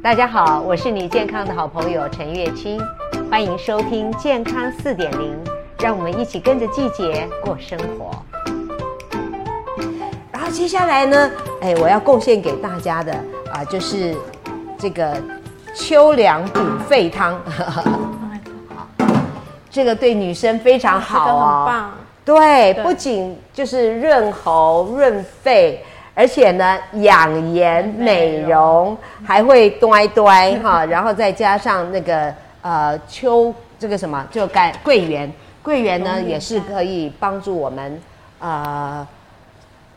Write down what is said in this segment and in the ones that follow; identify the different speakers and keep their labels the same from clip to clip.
Speaker 1: 大家好，我是你健康的好朋友陳月卿，歡迎收聽《健康四點零》，讓我們一起跟着季節過生活。然後接下來呢，哎，我要貢獻給大家的啊，就是這個秋涼補肺湯。 oh、這個對女生非常好哦。啊這個、很棒對。對，不僅就是潤喉、潤肺。而且呢，養顏美容，美容還會端端哈，然後再加上那個呃秋這個什麼就乾、這個、桂圓，桂圓呢也是可以幫助我們呃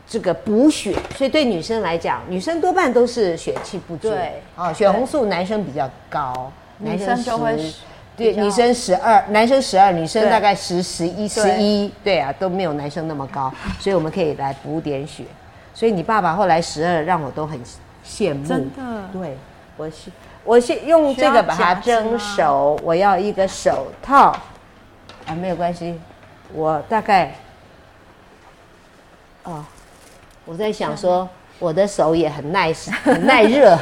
Speaker 1: 這個補血，所以對女生來講，女生多半都是血氣不足，對、哦、血紅素男生比較高，男生, 10，男生就會十對，女生十二，男生十二，女生大概十十一十一，對啊，都沒有男生那麼高， 所以我們可以來補點血。所以你爸爸後來十二讓我都很羨慕，的，對我是，我是用這個把它蒸熟，我要一個手套，啊沒有關係，我大概，啊、哦，我在想說我的手也很耐很耐熱，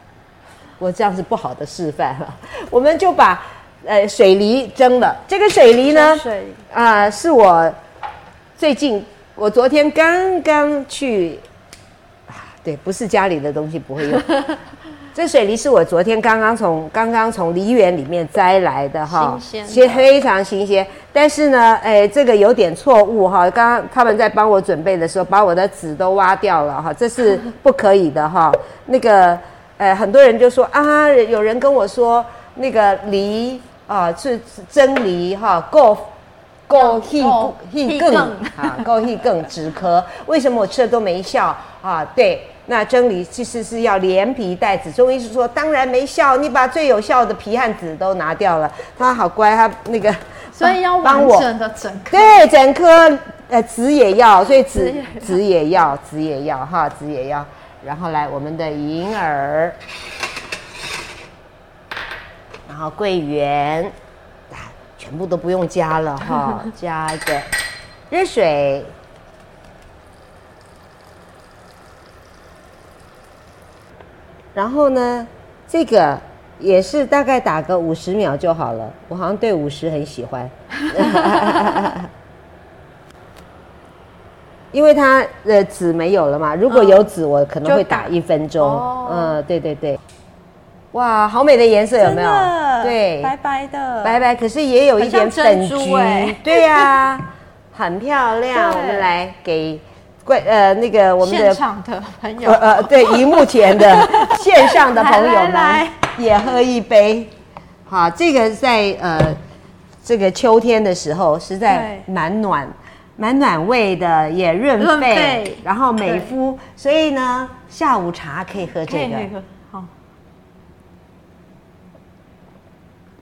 Speaker 1: 我這樣子不好的示範了，我們就把呃水梨蒸了，這個水梨呢，啊、呃、是我最近。我昨天剛剛去、啊，對，不是家裡的東西不會用。 這水梨是我昨天剛剛從剛剛從梨園裡面摘來的哈，新鮮，其實非常新鮮。但是呢，誒，這個有點錯誤哈。剛剛他們在幫我準備的時候，把我的籽都挖掉了哈，這是不可以的哈、 哦。那個，誒，很多人就說啊，有人跟我說那個梨啊是，是蒸梨哈，夠、哦。Golf, 高希更，高希更止咳。啊、夠夠 為什麼我吃了都沒效啊？對，那蒸梨其實是要連皮帶籽。中醫師說，當然沒效，你把最有效的皮和籽都拿掉了。他好乖，他那個，
Speaker 2: 所以要完整的整
Speaker 1: 顆。對，整顆，呃，籽也要，所以籽籽也要，籽也要，也要哈，籽也要。然後來我們的銀耳，然後桂圓。全部都不用加了哈，哦、 加一個熱水，然後呢，這個也是大概打個五十秒就好了。我好像對五十很喜歡， 因為它的籽，呃、沒有了嘛，如果有籽，嗯，我可能會打一分鐘，哦。嗯，對對對。
Speaker 2: 哇，好美的顏色，有沒有？對，白白的，白白，可是也有一點粉橘、欸，對啊，
Speaker 1: 很漂亮。 我們來給貴呃那個我們的現場
Speaker 2: 的朋友呃呃，對，熒幕前的
Speaker 1: 線上的朋友們來來也喝一杯。好，這個在呃這個秋天的時候，實在蠻暖蠻暖胃的，也潤肺，然後美膚，所以呢，下午茶可以喝這個。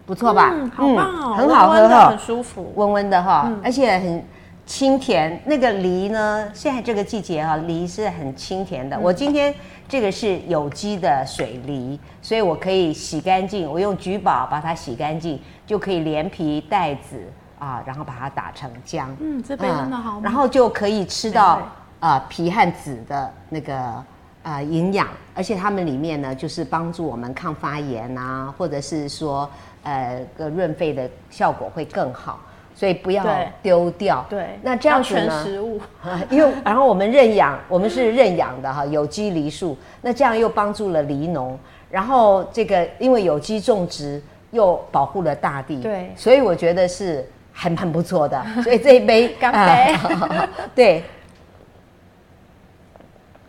Speaker 1: 不錯吧？嗯，好棒哦，嗯、很好喝、哦、溫溫很舒服，溫溫的哈、哦嗯，而且很清甜。那個梨呢？現在這個季節哈、哦，梨是很清甜的、嗯。我今天這個是有機的水梨，所以我可以洗乾淨，我用橘寶把它洗乾淨，就可以連皮帶籽啊，然後把它打成漿。嗯，嗯這杯真的好。然後就可以吃到啊、呃、皮和籽的那個啊、呃、營養，而且它們裡面呢，就是幫助我們抗發炎啊，或者是說。呃，個潤肺的效果會更好，所以不要丟掉。對，那這樣子呢？全食物、啊、然後我們認養，我們是認養的哈，有機梨樹。那這樣又幫助了梨農，然後這個因為有機種植又保護了大地。對，所以我覺得是還蠻不錯的。所以這一杯 乾杯、啊好好好。對。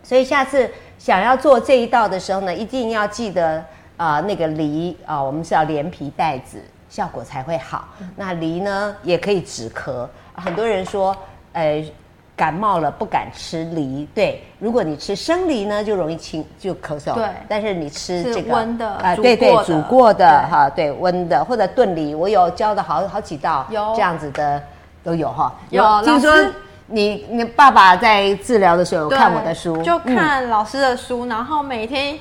Speaker 1: 所以下次想要做這一道的時候呢，一定要記得。啊，那個梨啊，我們是要連皮帶籽，效果才會好。那梨呢，也可以止咳。啊、很多人說，呃，感冒了不敢吃梨。對，如果你吃生梨呢，就容易輕就咳嗽。對，但是你吃這個是溫的啊，的啊對，對對，煮過的哈，對溫、啊、的或者燉梨，我有教的好好幾道，
Speaker 2: 有這樣子
Speaker 1: 的都有哈、哦。有，聽說你你爸爸在治療的時候有看我的書，就看
Speaker 2: 老師的書，嗯、然後每天。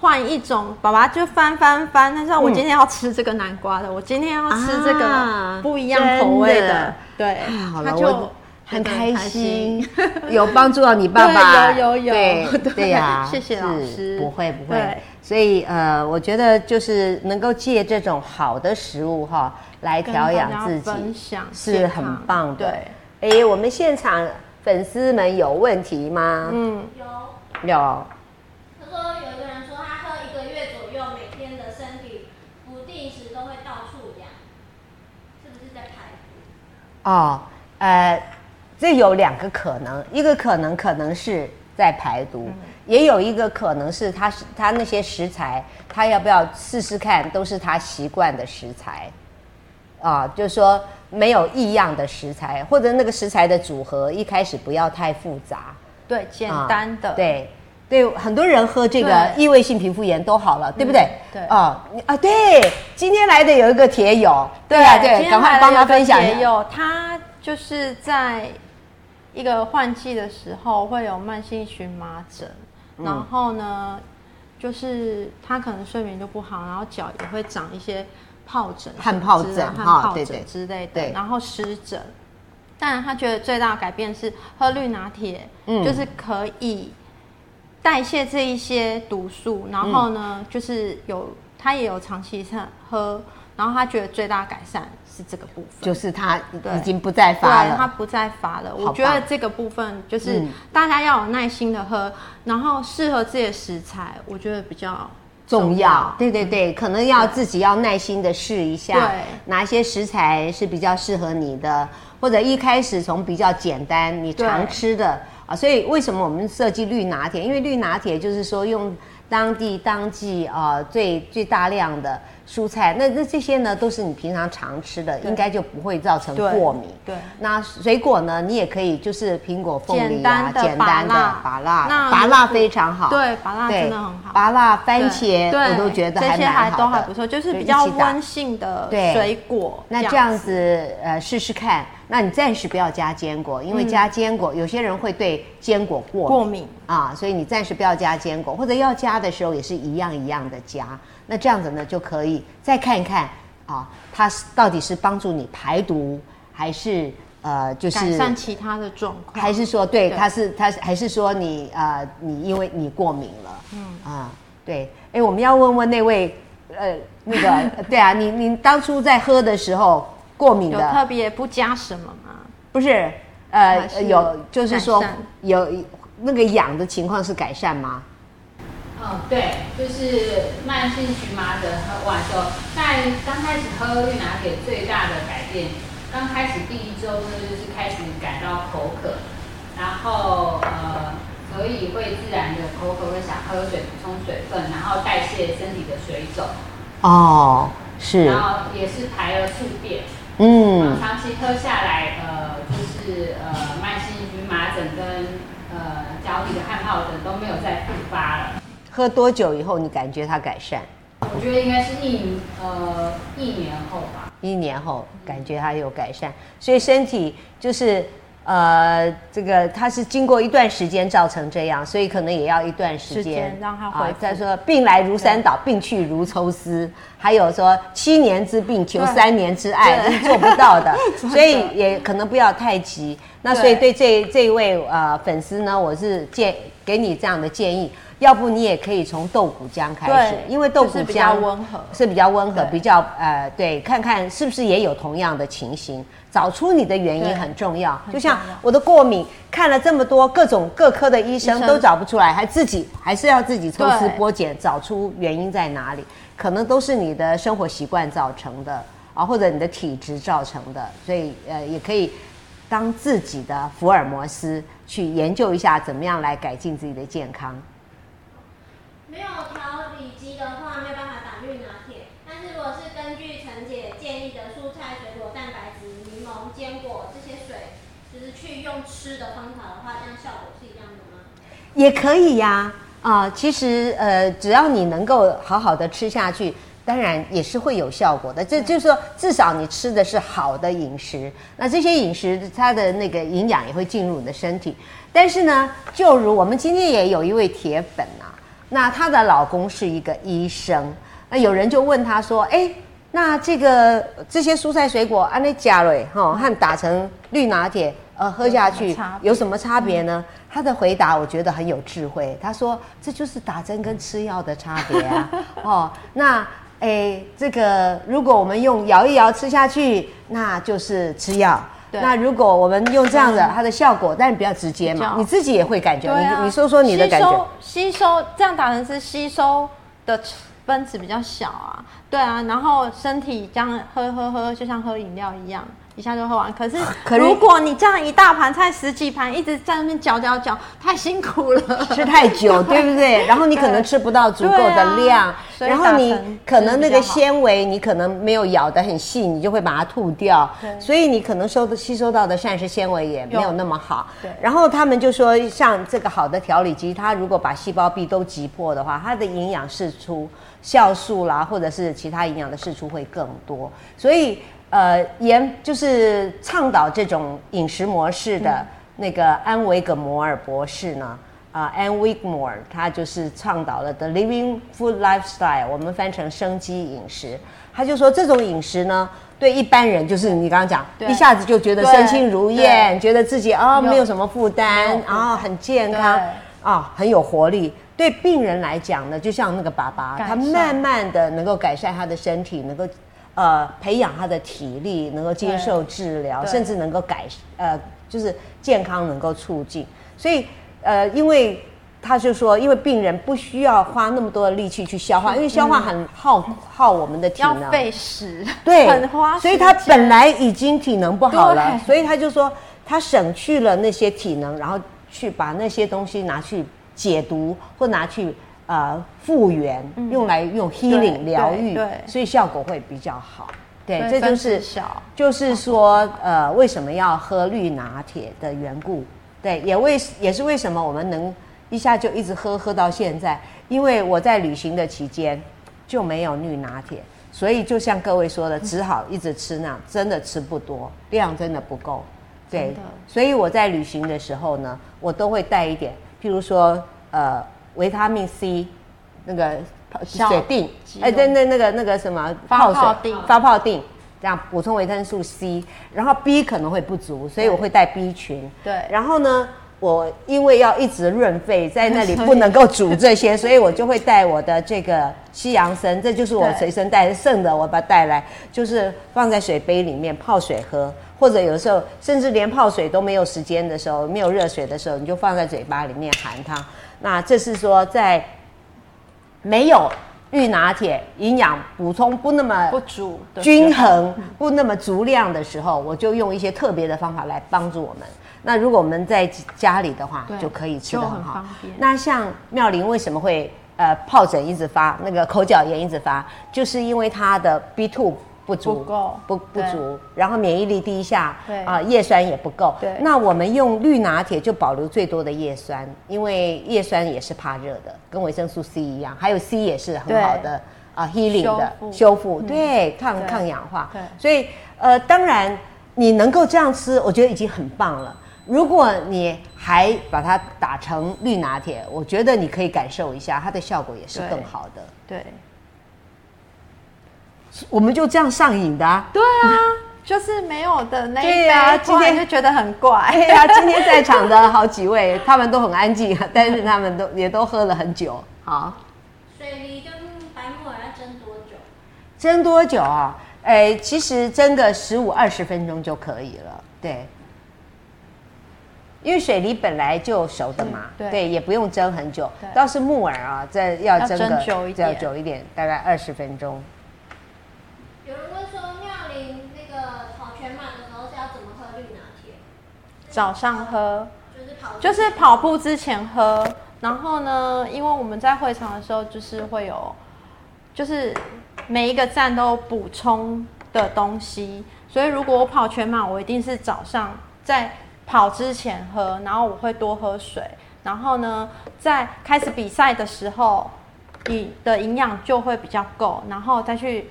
Speaker 2: 換一種，爸爸就翻翻翻，他說：“我今天要吃這個南瓜的、嗯，我今天要吃這個不一樣口味的。啊的”對、啊好，他就很開心，開心
Speaker 1: 有幫助到你爸爸。有有有，對對呀、啊，謝謝老師。不會不會，所以呃，我覺得就是能夠借這種好的食物哈，來調養自己是很棒的。哎、欸，我們現場粉絲們有問題嗎？嗯，有有。哦，呃，這有兩個可能，一個可能可能是在排毒，也有一個可能是他他那些食材，他要不要試試看，都是他習慣的食材，啊、哦，就是說沒有異樣的食材，或者那個食材的組合一開始不要太複雜，
Speaker 2: 對，簡單的、哦、對。
Speaker 1: 對，很多人喝這個異位性皮膚炎都好了，對，對不對？嗯、對啊啊！對，今天來的有一個鐵友，對啊，對，對，對，啊對，趕快幫他
Speaker 2: 分享一下。鐵友，他就是在一個換季的時候會有慢性蕁麻疹，然後呢，嗯、就是他可能睡眠就不好，然後腳也會長一些皰疹、汗皰疹、汗皰疹、哦、對對之類的，然後濕疹。但他覺得最大的改變是喝綠拿鐵，嗯，就是可以、嗯。代謝這一些毒素，然後呢，嗯、就是有他也有長期喝，然後他覺得最大改善是這個部分，就
Speaker 1: 是他已經不再發了，他
Speaker 2: 不再發了。我覺得這個部分就是大家要有耐心的喝，嗯、然後適合自己的食材，我覺得比較重要，
Speaker 1: 重要。對對對，可能要自己要耐心的試一下，對，哪些食材是比較適合你的，或者一開始從比較簡單你常吃的。啊，所以為什麼我們設計綠拿鐵？因為綠拿鐵就是說用當地當季啊、呃、最最大量的蔬菜，那那這些呢都是你平常常吃的，應該就不會造成過敏對。對。那水果呢？你也可以就是蘋果、鳳梨啊，簡單的,簡單的拔辣那，拔辣非常好。對，拔辣真的很好。
Speaker 2: 拔辣、番茄對對，我都覺得還蠻好的。這些還都還不錯，就是比較溫性的水果對。那這樣
Speaker 1: 子，呃，試試看。那你暫時不要加堅果，因為加堅果、嗯、有些人會對堅果過敏，過敏啊，所以你暫時不要加堅果，或者要加的時候也是一樣一樣的加。那這樣子呢，就可以再看一看啊，它到底是幫助你排毒，還是呃，就是改善
Speaker 2: 其他的狀
Speaker 1: 況，還是說對，對它是它還是說你啊、呃、你因為你過敏
Speaker 2: 了，
Speaker 1: 嗯啊對，哎、欸、我們要問問那位
Speaker 2: 呃那個
Speaker 1: 對啊，你你當初在喝的時候。過敏的有特
Speaker 2: 別不加什麼嗎？
Speaker 1: 不是，呃，有就是說有那個癢的情況是改善嗎？嗯，
Speaker 2: 對，就是慢
Speaker 1: 性蕁麻疹和水腫，在剛開始喝綠拿鐵最大的改變，剛開始第一周呢就是開始感到口渴，然後呃，所以會自然的口渴會想喝水補充水分，然後代謝身體的水腫。哦，是，然後也是排了宿便。嗯，長期喝下來，呃，就是呃，慢性蕁麻疹跟呃腳底的汗皰疹都沒有再復發了。喝多久以後你感覺它改善？我覺得應該
Speaker 3: 是一，呃，一年後
Speaker 1: 吧。一年後感覺它有改善，所以身體就是。呃，這個他是經過一段時間造成這樣，所以可能也要一段時間，時間讓他回來啊。再說，病來如山倒，病去如抽絲。還有說，七年之病求三年之艾是做不到的， 的，所以也可能不要太急。那所以對這這一位呃粉絲呢，我是建給你這樣的建議。要不你也可以從豆穀漿開始，因為豆穀漿是比較溫和，是比較溫和，比較呃，對，看看是不是也有同樣的情形。找出你的原因很重要，就像我的過敏，看了這麼多各種各科的醫生,醫生都找不出來，還自己還是要自己抽絲剝繭，找出原因在哪裡，可能都是你的生活習慣造成的啊、呃，或者你的體質造成的，所以呃，也可以當自己的福爾摩斯去研究一下，怎麼樣來改進自己的健康。
Speaker 3: 沒有調理機的話，沒有辦法打綠拿鐵。但是如果是根據陳姐建議的蔬菜、水果、蛋白質、檸檬、堅果這些水，就是去用吃的
Speaker 1: 方法的話，這樣效果是一樣的嗎？也可以呀。啊，啊，呃，其實呃，只要你能夠好好的吃下去，當然也是會有效果的。這就是說，至少你吃的是好的飲食，那這些飲食它的那個營養也會進入你的身體。但是呢，就如我們今天也有一位鐵粉啊。那她的老公是一個醫生，那有人就問她說：“哎、欸，那這個這些蔬菜水果，安那加瑞哈，和打成綠拿鐵，呃，喝下去有什麼差別呢？”她，嗯，的回答我覺得很有智慧，她說：“這就是打針跟吃藥的差別啊。 ”哦，那哎、欸，這個如果我們用搖一搖吃下去，那就是吃藥。對啊，那如果我們用這樣的，嗯，它的效果，但是比較直接嘛，你自己也會感覺。啊，你你說說你的感覺，吸收，
Speaker 2: 吸收這樣打成是吸收的分子比較小啊，對啊，然後身體這樣喝喝喝，就像喝飲料一樣。一下就喝完，可是，如果你這樣一大盤菜十幾盤、啊、一直在那邊嚼嚼嚼，太辛苦了，吃太久 對，
Speaker 1: 對不對？然後你可能吃不到足夠的量，啊、然後你可能那個纖維你可能沒有咬得很細，你就會把它吐掉，所以你可能收的吸收到的膳食纖維也沒有那麼好。對。然後他們就說，像這個好的調理機，它如果把細胞壁都擠破的話，它的營養釋出、酵素啦，或者是其他營養的釋出會更多，所以。呃，研，就是倡導這種飲食模式的那個安維格摩爾博士呢，嗯、啊，安維格摩爾他就是倡導了 The Living Food Lifestyle，我們翻成生機飲食。他就說這種飲食呢，對一般人就是你剛剛講，
Speaker 3: 一下子就覺得身輕如燕，
Speaker 1: 覺得自己啊、哦、沒有什麼負擔，啊、哦、很健康，啊、哦、很有活力。對病人來講呢，就像那個爸爸，他慢慢的能夠改善他的身體，能夠。呃，培養他的體力，能夠接受治療，甚至能夠改呃，就是健康能夠促進。所以呃，因為他就說，因為病人不需要花那麼多的力氣去消化，嗯、因為消化很耗、嗯、耗我們的體能，要費
Speaker 2: 時，對，很花時。所以他本來已
Speaker 1: 經體能不好了，所以他就說，他省去了那些體能，然後去把那些東西拿去解毒或拿去。呃，復原、嗯、用來用 healing 療癒，對，所以效果會比較好。對，對這就是就是說好好好，呃，為什麼要喝綠拿鐵的緣故？對，也為也是為什麼我們能一下就一直喝喝到現在？因為我在旅行的期間就沒有綠拿鐵，所以就像各位說的，只好一直吃那樣，真的吃不多，量真的不夠。對，所以我在旅行的時候呢，我都會帶一點，譬如說，呃。維他命 C，那個泡水定，哎、欸，對，那那個那個什麼，發泡，泡，泡定，發泡定，這樣補充維生素 C，然後 B 可能會不足，所以我會帶 B 群。對。然後呢，我因為要一直潤肺，在那裡不能夠煮這些，所以，所以我就會帶我的這個西洋參，這就是我隨身帶剩的，我把它帶來，就是放在水杯裡面泡水喝。或者有時候，甚至連泡水都沒有時間的時候，沒有熱水的時候，你就放在嘴巴裡面含它。那這是說在沒有綠拿鐵，營養補充不那麼不足、均衡、嗯、不那麼足量的時候，我就用一些特別的方法來幫助我們。那如果我們在家裡的話，就可以吃的很好。那像妙玲為什麼會呃皰疹一直發，那個口角炎一直發，就是因為她的 B two。不足，不不，不足，然後免疫力低下，啊，呃、葉酸也不夠，對。那我們用綠拿鐵就保留最多的葉酸，因為葉酸也是怕熱的，跟維生素 C 一樣，還有 C 也是很好的啊、呃、，healing 的修復，修復、嗯，對，抗對抗氧化。對。所以呃，當然你能夠這樣吃，我覺得已經很棒了。如果你還把它打成綠拿鐵，我覺得你可以感受一下它的效果也是更好的。對。對我們就這樣上癮的啊！對
Speaker 2: 啊，就是沒有的那一對啊，今天就覺得很怪。對啊，今天在場的
Speaker 1: 好幾位， 他們都很安靜，但是他們都也都喝了很久。好，水梨跟
Speaker 2: 白木耳要
Speaker 3: 蒸多久？
Speaker 1: 蒸多久啊？哎、欸，其實蒸個十五二十分鐘就可以了。對，因為水梨本來就熟的嘛，對，對，也不用蒸很久。倒是木耳啊，再要蒸，要蒸久一點，要久一點，大概
Speaker 2: 二十分鐘。早上喝，就是、就是跑步之前喝。然後呢，因為我們在會場的時候就是會有，就是每一個站都有補充的東西。所以如果我跑全馬，我一定是早上在跑之前喝，然後我會多喝水。然後呢，在開始比賽的時候，你的營養就會比較夠，然後再去。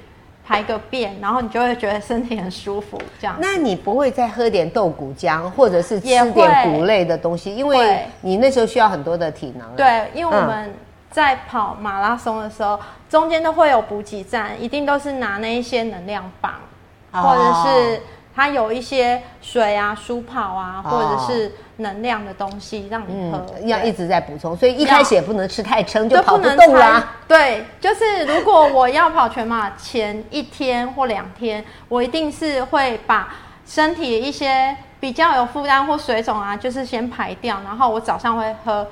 Speaker 2: 排個便，然後你就會覺得身體很舒服。這樣，那
Speaker 1: 你不會再喝點豆穀漿，或者是吃點穀類的東西，因為你那時候需要很多的體能。對，因為我們
Speaker 2: 在跑馬拉松的時候、嗯，中間都會有補給站，一定都是拿那一些能量棒，哦、或者是。它有一些水啊、舒跑啊，或者是能量的東西讓你喝，哦嗯、要
Speaker 1: 一直在補充，所以一開始也不能吃太撐，就跑不動了啊、就不能動
Speaker 2: 了。對，就是如果我要跑全馬前一天或兩天， 我一定是會把身體一些比較有負擔或水腫啊，就是先排掉，然後我早上會喝，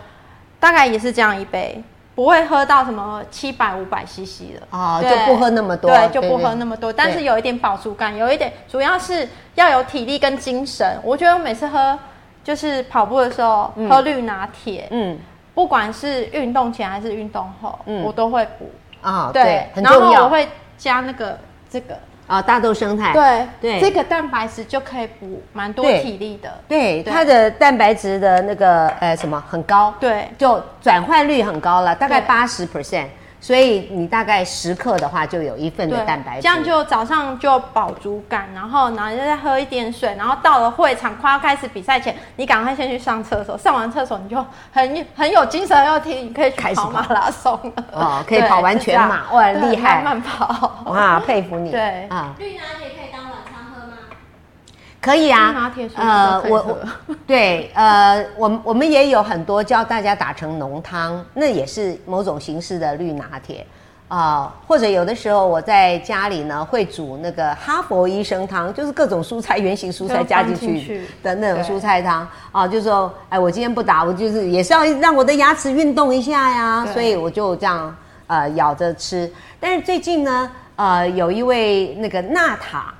Speaker 2: 大概也是這樣一杯。不會喝到什麼七百五百 CC 的啊、哦，就不喝那麼多，對，對就不喝那麼多對對。但是有一點飽足感，有一點，主要是要有體力跟精神。我覺得我每次喝，就是跑步的時候、嗯、喝綠拿鐵，嗯，不管是運動前還是運動後，嗯，我都會補
Speaker 1: 啊、哦，對，很重要。然後我會
Speaker 2: 加那個這個。
Speaker 1: 啊、哦，大豆胜肽對對，這個
Speaker 2: 蛋白質就可以補蠻多體力的。對，對對，
Speaker 1: 它的蛋白質的那個呃什麼很高，對，就轉換率很高了，大概八十 percent。所以你大概十克的話，就有一份的蛋白質。這樣就
Speaker 2: 早上就飽足感，然後然後就再喝一點水，然後到了會場快要開始比賽前，你趕快先去上廁所。上完廁所你就很很有精神要聽你可以去跑馬拉松了。哦，可以跑完全馬，哇，厲害！慢慢跑，哇，佩服你。對啊。
Speaker 3: 可以啊，拿鐵是嗎？呃，我我
Speaker 1: 對，呃，我們我們也有很多教大家打成濃湯，那也是某種形式的綠拿鐵啊，呃，或者有的時候我在家裡呢會煮那個哈佛醫生湯，就是各種蔬菜、原型蔬菜加進去加的那種蔬菜湯啊，呃，就是說，哎，我今天不打，我就是也是要讓我的牙齒運動一下呀，所以我就這樣呃咬着吃。但是最近呢，呃，有一位那個娜塔。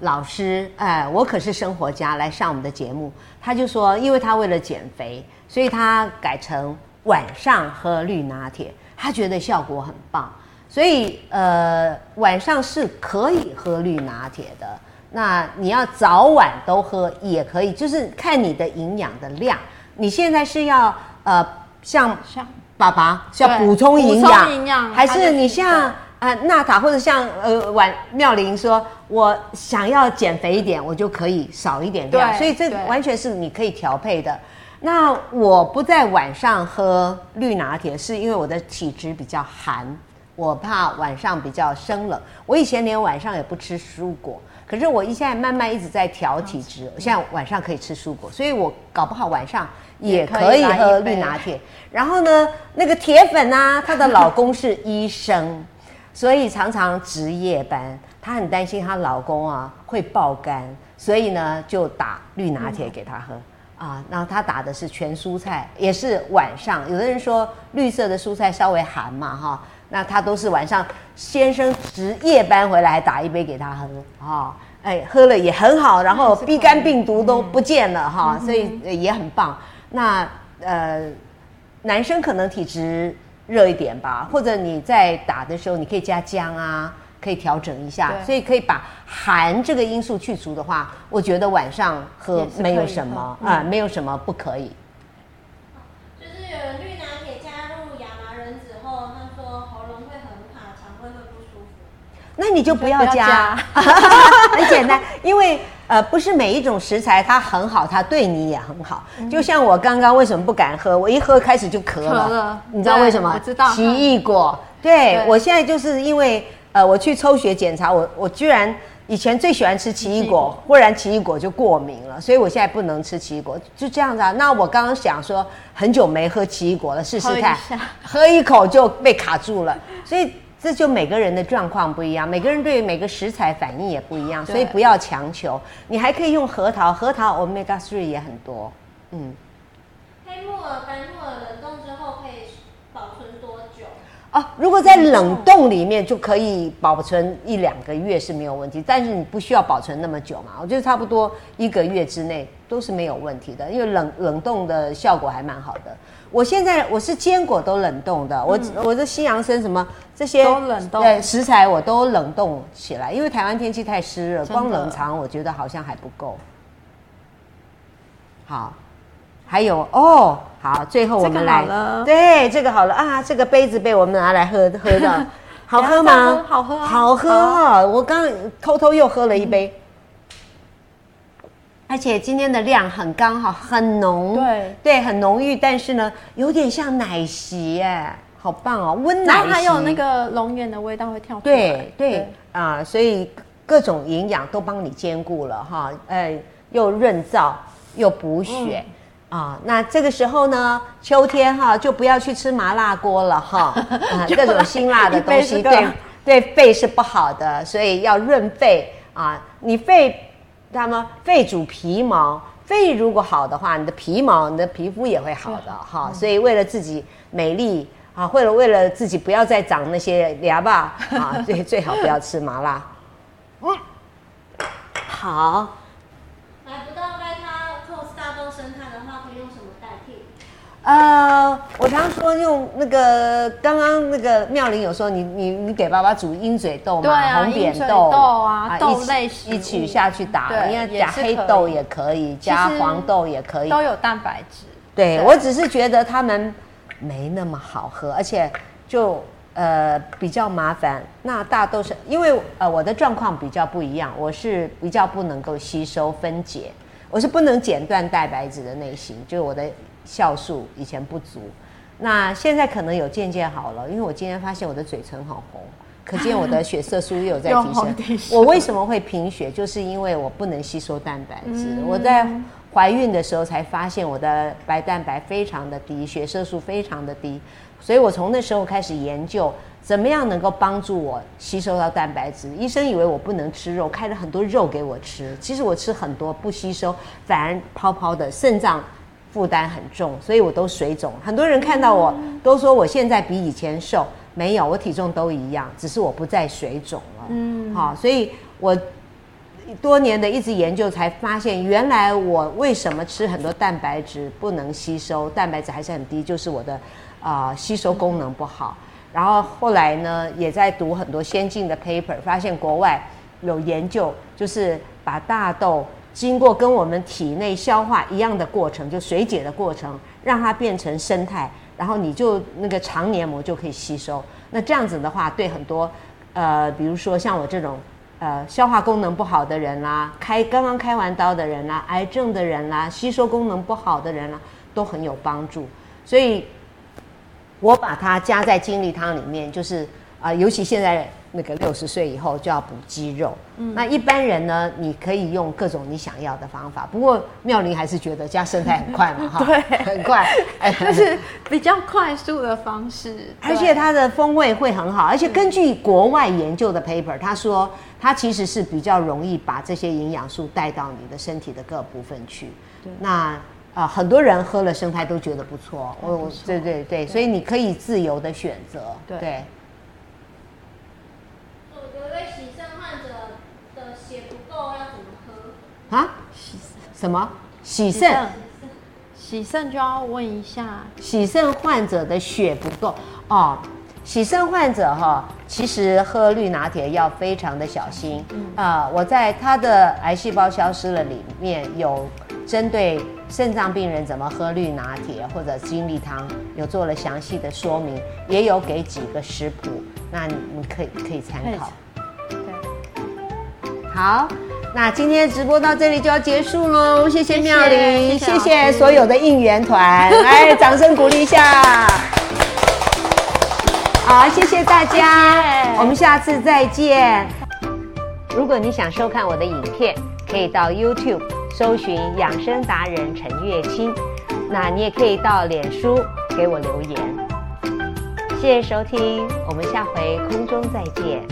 Speaker 1: 老師，哎，我可是生活家來上我們的節目。他就說，因為他為了減肥，所以他改成晚上喝綠拿鐵，他覺得效果很棒。所以，呃，晚上是可以喝綠拿鐵的。那你要早晚都喝也可以，就是看你的營養的量。你現在是要呃，像像爸爸是要補，補充營養，還是你像？啊、呃，娜塔或者像呃，郭妙玲說，我想要減肥一點，我就可以少一點量，所以這完全是你可以調配的。那我不在晚上喝綠拿鐵，是因為我的體質比較寒，我怕晚上比較生冷。我以前連晚上也不吃蔬果，可是我現在慢慢一直在調體質，現在晚上可以吃蔬果，所以我搞不好晚上也可以喝綠拿鐵。然後呢，那個鐵粉啊，她的老公是醫生。 所以常常值夜班，她很擔心她老公啊會爆肝，所以呢就打綠拿鐵給他喝啊，然後她打的是全蔬菜，也是晚上。有的人說綠色的蔬菜稍微寒嘛哈，那她都是晚上先生值夜班回來打一杯給他喝啊、欸，喝了也很好，然後 B 肝病毒都不見了哈，所以也很棒。那呃男生可能體質。熱一點吧，或者你在打的時候，你可以加薑啊，可以調整一下。所以可以把寒這個因素去除的話，我覺得晚上喝沒有什麼啊、嗯，沒有什麼不可以。
Speaker 3: 就
Speaker 1: 是有綠拿鐵加入亞麻仁籽後，他說喉嚨會很卡，腸胃會,會不舒服。那你就不要加、啊，很簡單，因為。呃，不是每一種食材它很好，它對你也很好、嗯。就像我剛剛為什麼不敢喝？我一喝開始就咳了，了你知道為什麼？我知道奇異果對。對，我現在就是因為呃，我去抽血檢查，我我居然以前最喜歡吃奇異果奇異，忽然奇異果就過敏了，所以我現在不能吃奇異果，就這樣子啊。那我剛剛想說很久沒喝奇異果了，試試看，喝一，喝一口就被卡住了，所以。這就每個人的狀況不一樣，每個人對每個食材反應也不一樣，所以不要強求。你還可以用核桃，核桃 Omega 3也很多。嗯，黑木耳、白木耳冷凍之
Speaker 3: 後可以保存多久？哦、啊，如果在冷
Speaker 1: 凍裡面就可以保存一兩個月是沒有問題，但是你不需要保存那麼久嘛，我覺得差不多一個月之內都是沒有問題的，因為冷冷凍的效果還蠻好的。我現在我是堅果都冷凍的，嗯、我我的西洋參什麼這些，對食材我都冷凍起來，因為台灣天氣太濕了。光冷藏我覺得好像還不夠。好，還有哦，好，最後我們來，這個好了對，這個好了啊，這個杯子被我們拿來喝喝的， 好喝嗎？ 好喝、啊，好喝、哦、好啊！我剛偷偷又喝了一杯。嗯而且今天的量很剛好，很濃，對對，很濃郁，但是呢，有點像奶昔耶，好棒哦，溫暖，然後還有那個
Speaker 2: 龍眼的味道會跳出來，對
Speaker 1: 對啊、呃，所以各種營養都幫你兼顧了哈、哦，呃，又潤燥又補血啊、嗯呃。那這個時候呢，秋天哈、哦，就不要去吃麻辣鍋了哈，各、哦 呃、種辛辣的東西， 對對，對，肺是不好的，所以要潤肺啊、呃，你肺。他們肺主皮毛，肺如果好的話，你的皮毛、你的皮膚也會好的哈、哦。所以，為了自己美麗啊，為了為了自己不要再長那些牙吧啊，最最好不要吃麻辣。嗯， 好。呃、uh，我常說用那個剛剛那個妙玲有說，你你你給爸爸煮鷹嘴豆嘛、啊、紅扁豆豆啊豆類一起、嗯、一起下去打，你要加黑豆也可以，加黃豆也可以，都
Speaker 2: 有蛋白質。對，
Speaker 1: 對我只是覺得他們沒那麼好喝，而且就呃比較麻煩。那大都是因為呃我的狀況比較不一樣，我是比較不能夠吸收分解，我是不能剪斷蛋白質的類型，就是我的。酵素以前不足，那現在可能有漸漸好了。因為我今天發現我的嘴唇很紅，可見我的血色素又有在提升。我為什麼會貧血？就是因為我不能吸收蛋白質。嗯。我在懷孕的時候才發現我的白蛋白非常的低，血色素非常的低，所以我從那時候開始研究怎麼樣能夠幫助我吸收到蛋白質。醫生以為我不能吃肉，開了很多肉給我吃，其實我吃很多不吸收，反而泡泡的腎臟。負擔很重，所以我都水腫。很多人看到我、嗯、都說我現在比以前瘦，沒有，我體重都一樣，只是我不再水腫了。嗯，好，所以我多年的一直研究才發現，原來我為什麼吃很多蛋白質不能吸收，蛋白質還是很低，就是我的啊、呃、吸收功能不好、嗯。然後後來呢，也在讀很多先進的 paper，發現國外有研究，就是把大豆。經過跟我們體內消化一樣的過程，就水解的過程，讓它變成生態，然後你就那個腸黏膜就可以吸收。那這樣子的話，對很多，呃，比如說像我這種，呃，消化功能不好的人啦、啊，開剛剛開完刀的人啦、啊，癌症的人啦、啊，吸收功能不好的人啦、啊，都很有幫助。所以，我把它加在精力湯裡面，就是啊、呃，尤其現在。那個六十歲以後就要補肌肉，嗯，那一般人呢，你可以用各種你想要的方法。不過妙玲還是覺得加生態很快嘛、嗯，哈，對，很快，就是
Speaker 2: 比較快速的方式， 而且它
Speaker 1: 的風味會很好，而且根據國外研究的 paper，、嗯、他說它其實是比較容易把這些營養素帶到你的身體的各部分去。那、呃、很多人喝了生態都覺得不錯，我對對，對，對，所以你可以自由的選擇，對。對啊，什麼？洗腎，
Speaker 2: 洗腎就要問一下，
Speaker 1: 洗腎患者的血不夠哦。洗腎患者哈，其實喝綠拿鐵要非常的小心啊、嗯呃。我在他的癌細胞消失了裡面有針對腎臟病人怎麼喝綠拿鐵或者精力湯有做了詳細的說明，也有給幾個食譜，那你可以可以參考對。好。那今天直播到這裡就要結束嘍，謝謝妙玲，謝謝所有的應援團， 來掌聲鼓勵一下。 好，謝謝大家，okay. 我們下次再見。如果你想收看我的影片，可以到 YouTube 搜尋養生達人陳月卿，那你也可以到臉書給我留言。謝謝收聽，我們下回空中再見。